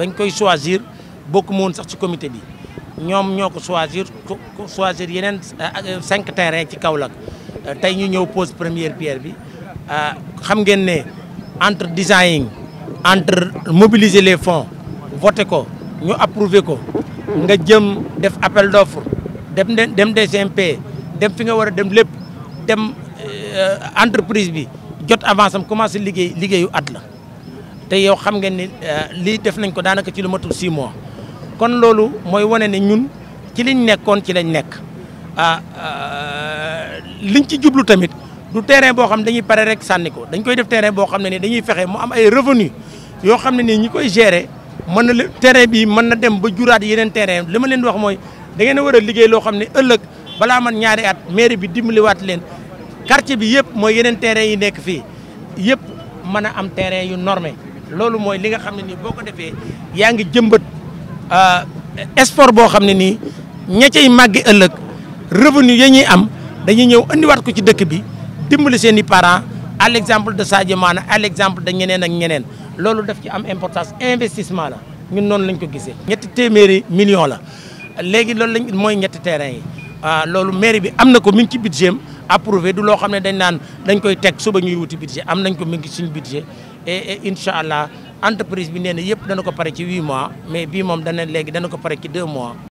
dañ koy choisir bokk moon sax ci comité bi ñom ñoko choisir choisir yenen 5 euh, euh, terrains ci Kaolack euh, tay ñu ñew pose première pierre bi xam ngeen né entre design entre mobiliser les fonds voter ko ñu approuver ko nga jëm def appel d'offre dem dem DCMP dem fi nga wara dem lepp dem entreprise bi jot avance am commencé liggéey liggéeyu at la te yow xam ngeen ni euh, lii def nañ ko daanaka ci lu matul 6 mois kon loolu mooy wane ne ñun ci liñ nekkoon ci lañ nekk ah euh, liñ ci jublu tamit du terrain boo xam ne dañuy pare rek sànni ko dañ koy def terrain boo xam ne ni dañuy fexe mu am ay revenu yoo xam ne nii ñi koy gere mën na terrain bii mën na dem ba juraat yeneen terrain li ma leen di wax mooy da ngeen a war a liggéey loo xam ne ëllëg balaa man ñaari at mairie bi dimbaliwaat leen quartier bi yëpp mooy yeneen terrain yi nekk fii yëpp mën a am terrain yu normé loolu mooy li nga xam ne nii boo ko defee yaa ngi jëmbat euh, sport boo xam ne nii ña cay màggi ëllëg revenu ya ñuy am dañuy ñëw indiwaat ko ci dëkk bi dimbali seen i parent à l' exemple de sa Mané à l' exemple de ñeneen ak ñeneen loolu def ci am importance investissement la ñun noonu lañ ko gisee. ñetti téeméeri million la léegi loolu lañ mooy ñetti terrain yi euh, loolu mairie bi am na ko mi ci budget am approuvé du loo xam ne dañ naan dañ koy teg suba ñuy wuti budget am nañ ko mi suñu budget et incha allah entreprise bi nee na yëpp dana ko pare ci huit mois mais bii moom dana léegi dana ko pare ci deux mois.